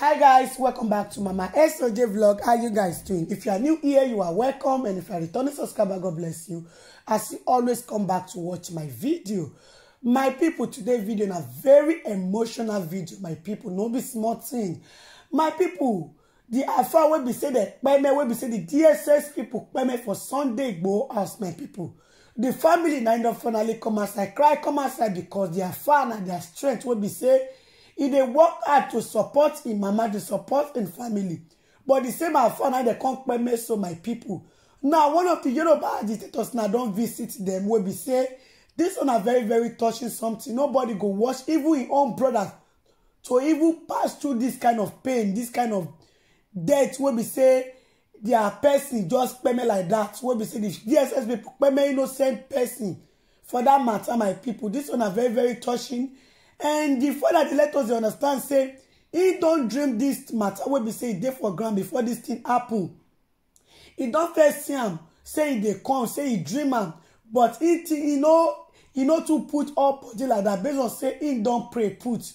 hi guys welcome back to mama soj vlog how you guys doing if you are new here you are welcome and if you are returning subscriber god bless you as you always come back to watch my video my people today video na very emotional video my people no be small thing my people the afa will be say by me will be say the dss people by me for sunday go house my people the family na don finally come outside cry come outside because the fun and their strength will be say He dey work hard to support im mama to support im family but the same as for now dey come me so my people. now one of di yoruba agitators na don visit dem wey be say this one na very very touching something nobody go watch even im own broda to even pass through this kind of pain this kind of death wey be say their person just peme like that. wey be say di dss pipo peme innocent person for that matter my people, this one na very very touching and di father dey let us understand say he don dream this matter wey be say e dey for ground before this thing happen. He don first see am say e dey come say he dream am but he he no too put all body like that based on say he don pray put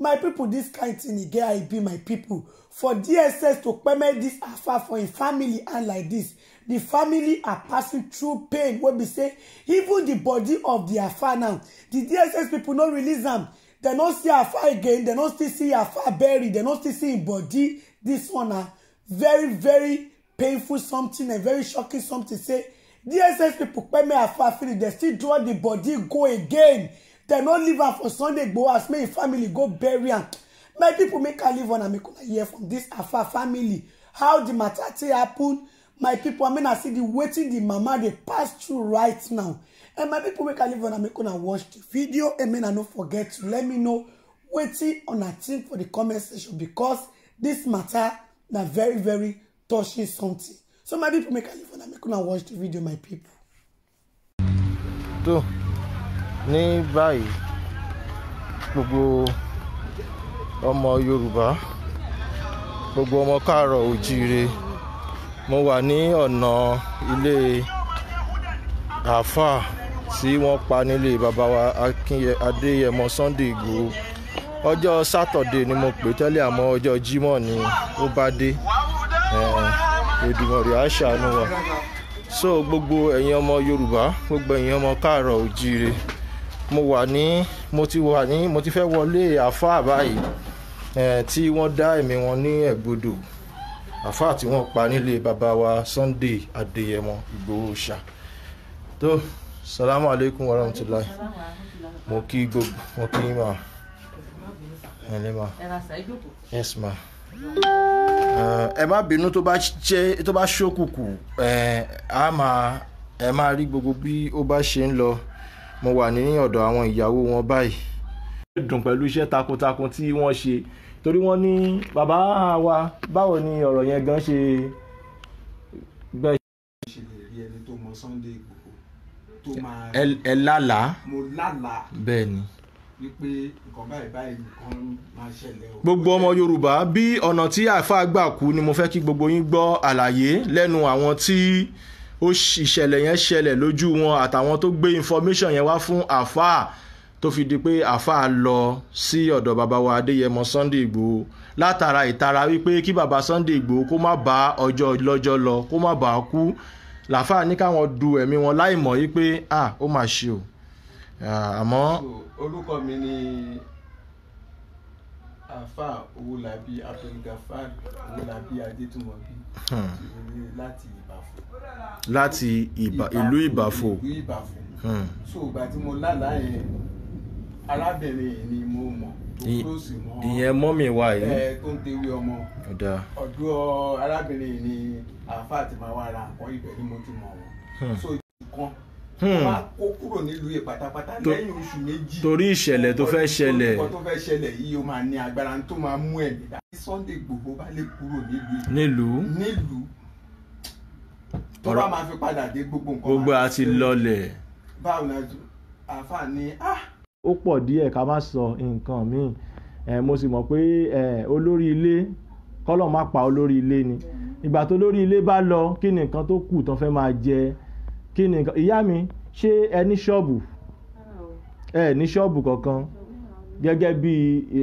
my people. This kind tin e get i e be my people. for dss to permit this affair for a family and like this, the family are passing through pain wey be say even the body of the affair now The dss people not release am dem no see her far again dem no still see her far buried dem no still see im body dis one na ah, very very painful something and very shocking something say dss pipo peme afa finish dem still draw di body go again dem no leave am for sunday igboho as make im family go bury am my pipo make i leave on and make una hear from dis afa family how di matter take happen my pipo i mean i see the wetin di mama dey pass through right now And eh, my people, make a live on and make una watch the video. And make I no forget to let me know Waiting on a thing for the comment section because this matter na very very touching something. So my people, make a live on and make una watch the video, my people. tó nearby. báyìí gbogbo ọmọ Yorùbá gbogbo ọmọ káàárọ̀ òjíire mo wà ní ọ̀nà ilé tí wọ́n pa nílé bàbá wa adéyẹmọ sunday igbòho ọjọ́ sátọ̀dé ni mo pè tẹ́lẹ̀ àmọ́ ọjọ́ jímọ̀ ni ó bá dé èdùmọ̀rì àṣàánú wa so gbogbo ẹ̀yin ọmọ yorùbá gbogbo ẹ̀yin ọmọ káàárọ̀ òjíire mo wà ní mo ti wà ní mo ti fẹ́ wọlé àáfàá báyìí tí wọ́n dá ẹ̀mí wọn ní ẹ̀gbodò àáfàá tí wọ́n pa nílé bàbá sunday adéyẹmọ ìgbòho ṣá tó. So, salamu alaikum wa rahmatulahi mo kí gbogbo mo kí ma ẹni ma yes ma ẹ má bínú tó bá jẹ́ tó bá ṣókùnkùn a máa ẹ máa rí gbogbo bí ó bá ṣe ń lọ mo wà ní ọ̀dọ̀ àwọn ìyàwó wọn báyìí. dùn pẹ̀lú iṣẹ́ takuntakun tí wọ́n ṣe torí wọ́n ní bàbá wa báwo ni ọ̀rọ̀ yẹn gan ṣe gbẹ́. ṣe lè rí ẹni tó mọ Sunday Igboho tó máa. ẹ lálàá. mo lálàá. bẹ́ẹ̀ ni. wípé nǹkan báyìí báyìí nǹkan máa ṣẹlẹ̀ gbogbo ọmọ yorùbá bí ọ̀nà tí àáfàá gbà kú ni mo fẹ́ kí gbogbo yín gbọ́ àlàyé lẹ́nu àwọn tí ó ìṣẹ̀lẹ̀ yẹn ṣẹlẹ̀ lójú wọn àtàwọn tó gbé information yẹn wá fún àáfàá tó fi di pé àáfàá lọ sí ọ̀dọ̀ bàbá wa adéyẹmọ sunday igbòho látara ìtara wípé kí bàbá sunday igbòho kó má bàa ọjọ́ lọ́jọ́ lọ kó má bàa kú làáfà ní káwọn du ẹ̀mí wọn láì mọ̀ yí pé à ó mà ṣe o àmọ́. orúkọ mi ni àáfà owólabí abdulgafar owólabí adétúmọ̀bí hmm. láti ìbàfò. láti ìlú ìbàfò. ìlú ìbàfò. Hmm. so ìgbà tí mo lálàá yẹn arábìnrin yìí ni mo ìyẹn mọ́ mi wá yìí. ẹ tó ń tewé ọmọ ọdún arábìnrin ni àáfà àti màá wà ra àwọn ibẹ̀ ni mo ti mọ̀ wọ́n. Hmm. so ìkan máa hmm. kó kúrò nílùú yìí pátápátá lẹ́yìn oṣù méjì. torí ìṣẹ̀lẹ̀ tó fẹ́ ṣẹlẹ̀. ọkọ tó fẹ́ ṣẹlẹ̀ yìí ó máa ní agbára tó máa mú ẹ̀mí dá. Sunday Igboho bá lè kúrò nílùú. nílùú. nílùú. tó bá máa fi padà dé gbogbo nǹkan. gbogbo àti lọlẹ̀. báwo la àáfà ni ah ó pọ̀ díẹ̀ ká má sọ nǹkan míì ẹ̀ mo sì mọ̀ pé ẹ̀ olórí ilé kọ́lọ̀ má pa olórí ilé ni ìgbà tó lórí ilé bá lọ kí ni nǹkan tó kù tán fẹ́ máa jẹ kí ni nǹkan ìyá mi ṣé ẹ ní ṣọ́ọ̀bù ẹ ní ṣọ́ọ̀bù kankan gẹ́gẹ́ bí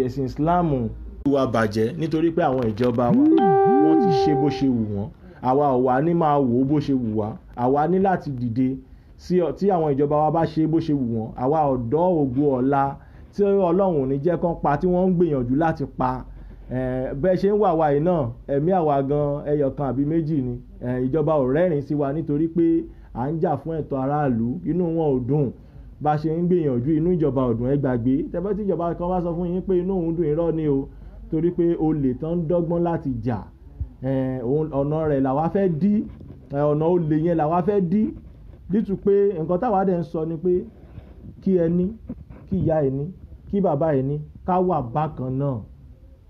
ẹ̀sìn Islam wa bàjẹ́ nítorí pé àwọn ìjọba wa wọ́n ti ṣe bó ṣe wù wọ́n àwa ò wá ní máa wò ó bó ṣe wù wá àwa ní láti dìde tí àwọn ìjọba wa bá ṣe bó ṣe wù wọ́n àwa ọ̀dọ́ ògo ọ̀la tí ọlọ́run ò ní jẹ́ kán pa tí wọ́n ń gbìyànjú láti pa bẹ́ẹ̀ ṣe ń wà wáyé náà ẹ̀mí àwa gan ẹyọ kan àbí méjì ni ìjọba ò rẹ́rìn sí wa nítorí pé à ń jà fún ẹ̀tọ́ aráàlú inú wọn ò dùn bá ṣe ń gbìyànjú inú ìjọba ò dùn ẹ gbàgbé tẹ́fẹ́ tí ìjọba kan bá sọ fún yín pé inú òun dùn irọ́ ni o torí pé olè tán dọ́gbọ́n láti jà ọ̀nà rẹ̀ làwa fẹ́ dí ọ̀nà olè yẹn làwa fẹ́ dí dìtú pé nǹkan táwa dẹ̀ ń sọ ni pé kí ẹni kí ìyá ẹni kí bàbá ẹni ká wà bákan náà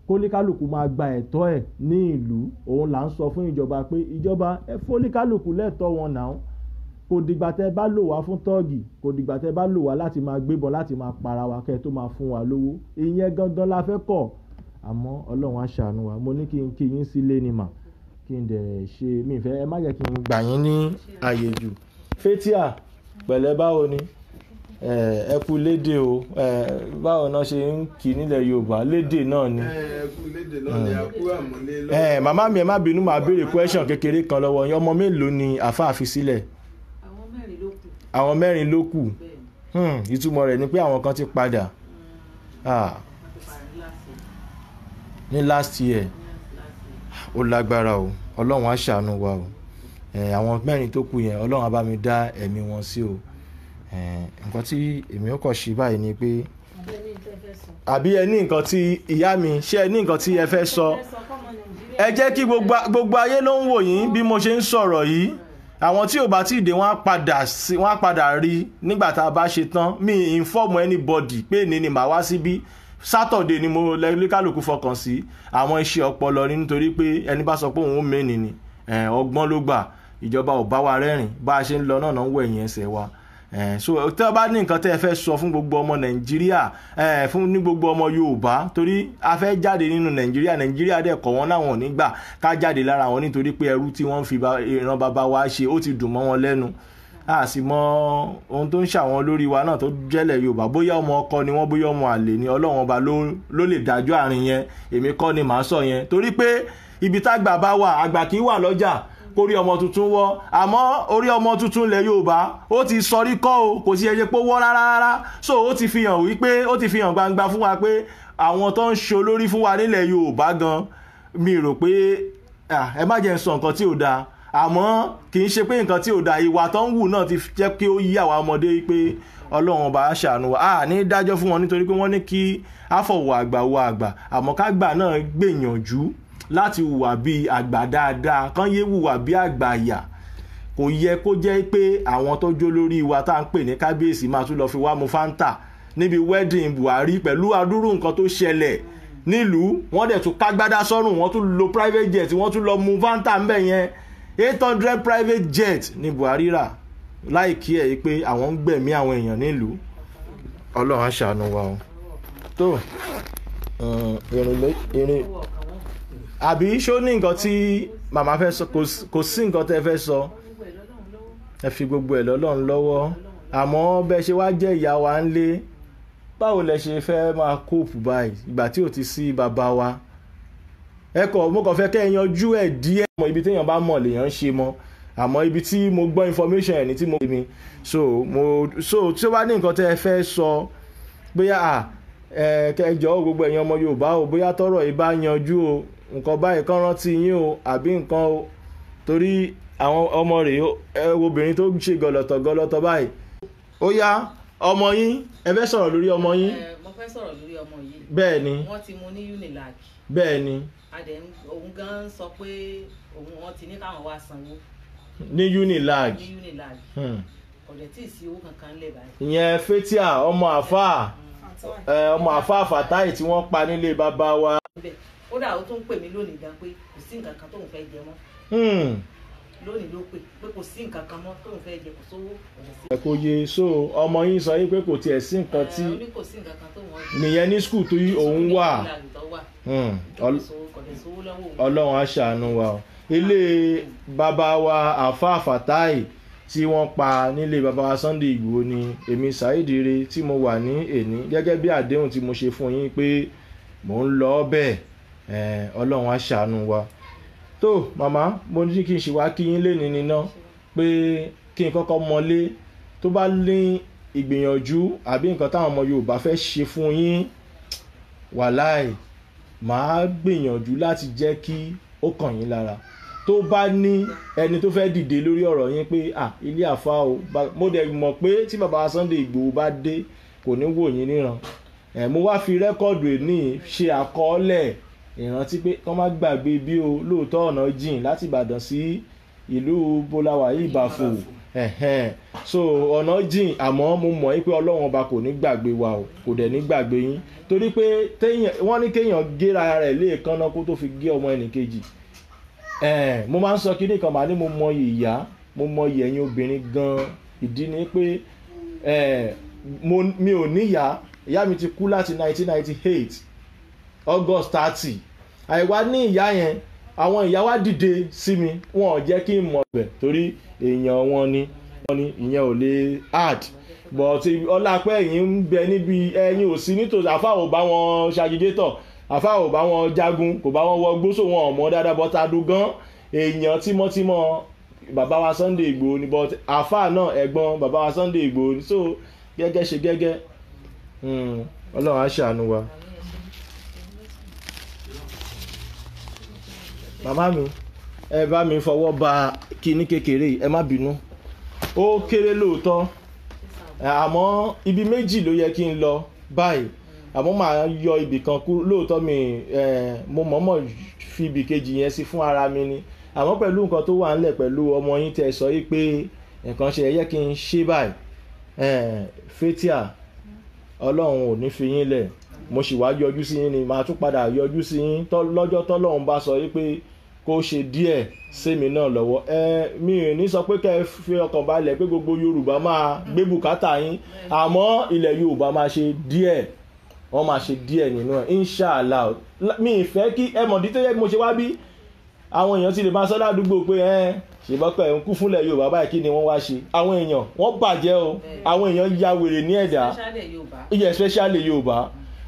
kólíkálùkù máa gba ẹ̀tọ́ ẹ̀ ní ìlú òun là ń sọ fún ìjọba pé ìjọba ẹ fólíkálùkù lẹ́tọ̀ọ́ wọn náà kò dìgbà tẹ́ bá lò wá fún tọ́ọ̀gì kò dìgbà tẹ́ bá lò wá láti máa gbébọn láti máa para wa kẹ́ ẹ tó máa fún wa lówó ìyẹn gangan la fẹ́ kọ̀ àmọ́ ọlọ́run á wa mo ní kí n kí yín sílé ni mà kí n dẹ̀ ṣe mí fẹ́ ẹ má jẹ́ kí n gbà yín ní àyè jù fatia pẹ̀lẹ́ báwo ni ẹ kú lédè o báwo náà ṣe ń kí nílẹ̀ yorùbá lédè náà ni. ẹ kú lédè náà ni a kú àmúlé lọ. màmá mi ẹ má bínú màá béèrè question kékeré kan lọ́wọ́ yín ọmọ mélòó ni àáfàá fi sílẹ̀. àwọn mẹ́rin ló kù. àwọn mẹ́rin ló kù hmm, ìtumọ̀ rẹ̀ ni pé àwọn kan ti padà ní last year ó lágbára o ọlọ́run á ṣàánú wa o àwọn mẹ́rin tó kù yẹn ọlọ́run á bá mi dá ẹ̀mí wọn sí o nǹkan tí èmi ó kọ̀ ṣe báyìí ni pé àbí ẹ ní nǹkan tí ìyá mi ṣé ẹ ní nǹkan tí ẹ fẹ́ sọ ẹ jẹ́ kí gbogbo ayé ló ń wò yín bí mo ṣe ń sọ̀rọ̀ yìí àwọn tí ò bá tí ì dé wọ́n á padà rí nígbà tá a bá ṣe tán mi inform anybody pé ní ni màá wá síbí sátọ̀dé ni mo lẹ́kálùkù fọkàn sí àwọn iṣẹ́ ọpọlọ ní nítorí pé ẹni bá sọ pé òun ó mẹ́ni ni ọgbọ́n ló gbà ìjọba ò bá wa rẹ́rìn bá a ṣe ń lọ náà náà ń wẹ̀yìn ẹsẹ̀ wa so tẹ́ ọ bá ní nǹkan tẹ́ ẹ fẹ́ sọ fún gbogbo ọmọ nàìjíríà fún ní gbogbo ọmọ yorùbá torí a fẹ́ jáde nínú nàìjíríà nàìjíríà dẹ̀ kọ̀ wọ́n láwọn nígbà ká jáde lára wọn nítorí pé ẹrú tí wọ́n fi ìran bàbá wa ṣe ó ti dùn mọ́ wọn lẹ́nu a sì mọ ohun tó ń ṣàwọn lórí wa náà tó jẹ́lẹ̀ yorùbá bóyá ọmọ ọkọ ni wọ́n bóyá ọmọ àlè ni ọlọ́run ọba ló lè dájọ́ àárín yẹn èmi kọ́ ni màá sọ yẹn torí pé ibi tágbà bá wà àgbà kì í wà lọ́jà kó rí ọmọ tuntun wọ́ àmọ́ orí ọmọ tuntun ilẹ̀ yorùbá ó ti sọrí kọ́ o kò sí ẹyẹ pé wọ́ rárá rárá so ó ti fi hàn wípé ó ti fi hàn gbangba fún wa pé àwọn tó ń ṣe olórí fún wa nílẹ̀ yorùbá gan mi rò pé ẹ má jẹ́ n sọ nǹkan tí ò dáa àmọ́ kì í ṣe pé nǹkan tí ò dáa ìwà tó ń wù náà ti jẹ́ kí ó yí àwa ọmọdé pé ọlọ́run ọba ṣàánú wa a ní dájọ́ fún wọn nítorí pé wọ́n ní kí àfọ̀wọ̀ àgbà wo àgbà àmọ́ ká gbà náà gbìyànjú láti hùwà bí àgbà dáadáa kán yé hùwà bí àgbà àyà kò yẹ kó jẹ́ pé àwọn tó jó lórí wa tá à ń pè ní kábíyèsí máa tún lọ fi wá mu fanta níbi wedding Buhari pẹ̀lú adúrú nǹkan tó ṣẹlẹ̀ nílùú wọ́n dẹ̀ tún kágbádá sọ́rùn wọ́n tún lo private jet wọ́n tún lọ mu fanta ńbẹ̀ yẹn eight hundred private jet ní Buhari rà láì kí ẹ̀ pé àwọn ń gbẹ̀mí àwọn èèyàn nílùú ọlọ́run á ṣàánú wa o tó irin àbí ṣó ní nǹkan tí màmá fẹ́ sọ kò sí nǹkan tẹ́ fẹ́ sọ ẹ fi gbogbo ẹ̀ lọ́lọ́run lọ́wọ́ àmọ́ bẹ́ẹ̀ ṣe wá jẹ́ ìyá wa ń lé báwo lẹ ṣe fẹ́ máa kóòpù báyìí ìgbà tí ò ti sí bàbá wa ẹ kọ mo kàn fẹ́ kẹ́ ẹ yanjú ẹ̀ díẹ̀ mọ ibi téèyàn bá mọ̀ lèèyàn ń ṣe mọ́ àmọ́ ibi tí mo gbọ́ information ẹ̀ ní tí mo gbé mi so mo so tí ó bá ní nǹkan tẹ́ ẹ fẹ́ sọ bóyá ẹ kẹjọ gbogbo ẹ̀yin ọmọ Yorùbá o bóyá tọrọ yìí bá yanjú o nǹkan báyìí kán rántí yín o àbí nǹkan o torí àwọn ọmọ rẹ̀ obìnrin tó ṣe gọlọtọ gọlọtọ báyìí ó yá ọmọ yín ẹ fẹ́ sọ̀rọ̀ lórí ọmọ yín. mo fẹ́ sọ̀rọ̀ lórí ọmọ yìí. bẹ́ẹ̀ ni wọ́n ti mú ní unilag. bẹ́ẹ̀ ni. adẹ̀ òun gan sọ pé òun wọn ti ní káwọn wá sanwó. ní unilag. ní unilag. ọ̀dẹ̀ hmm. tí ì sí owó kankan lè báyìí. ìyẹn fetia ọmọ àfáà hmm. ọmọ àfáà fàtáì tí wọ́n pa nílé bàbá wa kódà ó tún pè mí lónìí gan pé kò sí nǹkan kan tóun fẹ́ jẹ mọ́ hmm. lónìí ló pè pé kò sí nǹkan kan mọ́ tóun fẹ́ jẹ kò sówó ọ̀rọ̀ sí. kò yé so ọmọ yín sọ yín pé kò tiẹ̀ sí nǹkan tí nìyẹn ní skul tó yí hmm. òun wà ọlọ́run á wa o ilé bàbá wa àfa àfàtáì tí wọ́n pa nílé bàbá wa Sunday Ìgbòho ni èmi ṣàìdíire tí mo wà ní èní gẹ́gẹ́ bí àdéhùn tí mo ṣe fún yín pé mò ń lọ bẹ́ẹ̀ ọlọ́run á ṣàánú wa tó màmá mo ní kí n ṣe wá kí yín lé ní níná pé kí n kọ́kọ́ mọlé tó bá ní ìgbìyànjú àbí nǹkan táwọn ọmọ Yorùbá fẹ́ ṣe fún yín wàláì màá gbìyànjú láti jẹ́ kí ó kàn yín lára tó bá ní ẹni tó fẹ́ dìde lórí ọ̀rọ̀ yín pé ah ilé àfa o mo dẹ̀ mọ̀ pé tí bàbá Sunday Ìgbòho bá dé kò ní wò yín níran ẹ̀ mo wá fi rẹ́kọ̀dù ẹ̀ ní ṣe àkọọ́lẹ̀ ìrántí pé kán má gbàgbé bí o lóòótọ́ ọ̀nà jìn láti Ìbàdàn sí ìlú bọ́láwà yìí Ìbàfò so ọ̀nà jìn àmọ́ mo mọ̀ yín pé Ọlọ́run ọba kò ní gbàgbé wa o kò dẹ̀ ní gbàgbé yín torí pé wọ́n ní kéèyàn géra rẹ̀ léèkánná kó tó fi gé ọmọ ẹnìkejì mo máa ń sọ kí nìkan màá ní mo mọ ìyá mo mọ ìyẹ̀yìn obìnrin gan-an ìdí ni pé mi ò níyà ìyá mi ti kú láti 1998 August thirty àìwá ní ìyá yẹn àwọn ìyá wa dìde sí mi wọn ò jẹ́ kí n mọ̀ bẹ̀ torí èèyàn wọn ni wọn ni ìyẹn ò lè hard but ọlápẹ́ yìí ń bẹ níbi ẹyin ò sí nítòsí àfáà ò bá wọn ṣàgídétọ̀ àfáà ò bá wọn jagun kò bá wọn wọ gbósò wọn ọmọ dáadáa but adugan èèyàn tímọ́tímọ́ bàbá wa Sunday Igboho ni but àfáà náà ẹ̀gbọ́n bàbá wa Sunday Igboho ni so gẹ́gẹ́ ṣe gẹ́gẹ́ hmm, ọlọ́run á ṣàánú wa. màmá mi ẹ bá mi fọwọ́ ba kíní kékeré ẹ má bínú ó kéré lóòótọ́ àmọ́ ibi méjì ló yẹ kí n lọ báyìí àmọ́ màá yọ ibì kan kú lóòótọ́ mi mo mọ̀ọ́mọ̀ fi ibì kejì yẹn sí fún ara mi ni àmọ́ pẹ̀lú nǹkan tó wà ńlẹ̀ pẹ̀lú ọmọ yín tẹ́ sọ yìí pé nǹkan ṣe yẹ kí n ṣe báyìí fétíà ọlọ́run ò ní fi yín lẹ̀ mo sì wá yọjú sí yín ni màá tún padà yọjú sí yín lọ́jọ́ tọ́lọ́run bá sọ yìí pé kó ṣe díẹ̀ sẹ́mi náà lọ́wọ́ ẹ mi ò ní sọ pé kẹ́ ẹ fi ọkàn balẹ̀ pé gbogbo yorùbá máa gbé bùkátà yín àmọ́ ilẹ̀ yorùbá máa ṣe díẹ̀ wọ́n máa ṣe díẹ̀ nínú ẹ̀ inshàlá mi ì fẹ́ kí ẹ mọ̀dí tó yẹ kí mo ṣe wá bí àwọn èèyàn ti lè máa sọ ládùúgbò pé ẹ ṣèbọ́pẹ́ ń kú fúnlẹ̀ yorùbá báyìí kí ni wọ́n wá ṣe àwọn èèyàn wọ́n bàjẹ́ o àwọn èèyàn ya wèrè ní ẹ̀dá especially yorùbá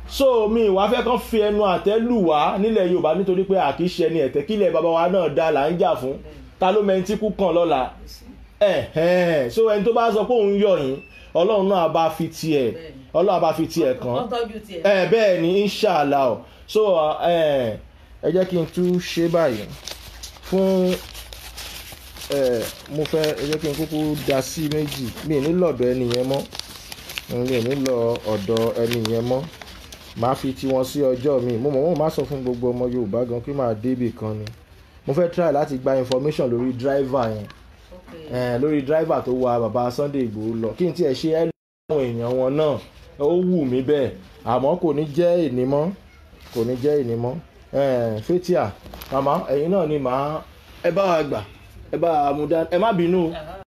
so mi wàá fẹ́ kàn fi ẹnu àtẹ́ lù wá nílẹ̀ yorùbá nítorí pé àkìí ṣe ẹni ẹ̀tẹ́ kílẹ̀ bàbá wa náà dá là ń jà fún ta ló mẹ́ni tí kú kàn lọ́la ẹ̀hẹ́n so ẹni tó bá sọ pé òun yọ̀ yín ọlọ́run náà bá fi tiẹ̀ ọlọ́run bá fi tiẹ̀ kàn ẹ̀ bẹ́ẹ̀ ni inshàlá o so ẹ jẹ́ kí n tún ṣe báyìí fún mo fẹ́ ẹ jẹ́ kí n kúkú da sí méjì mi ò ní lọ́dọ̀ ẹni yẹn mọ́ mi ò ní lọ ọ̀dọ̀ ẹni yẹn mọ́ màá fi tiwọn sí ọjọ́ mi mo mọ̀ wọ́n má sọ fún gbogbo ọmọ Yorùbá gan pé màá débì kan ni mo fẹ́ try láti gba information lórí driver yẹn eh, lórí driver tó wa bàbá Sunday Igboho lọ kí n tiẹ̀ ṣe ẹ́ lọ́wọ́ èèyàn wọn náà ó wù mí bẹ́ẹ̀ àmọ́ kò ní jẹ́ èní mọ́ kò ní jẹ́ èní mọ́ Fathia màmá ẹ̀yin náà ni màá ẹ bá wa gbà ẹ bá wa mú dání ẹ má bínú.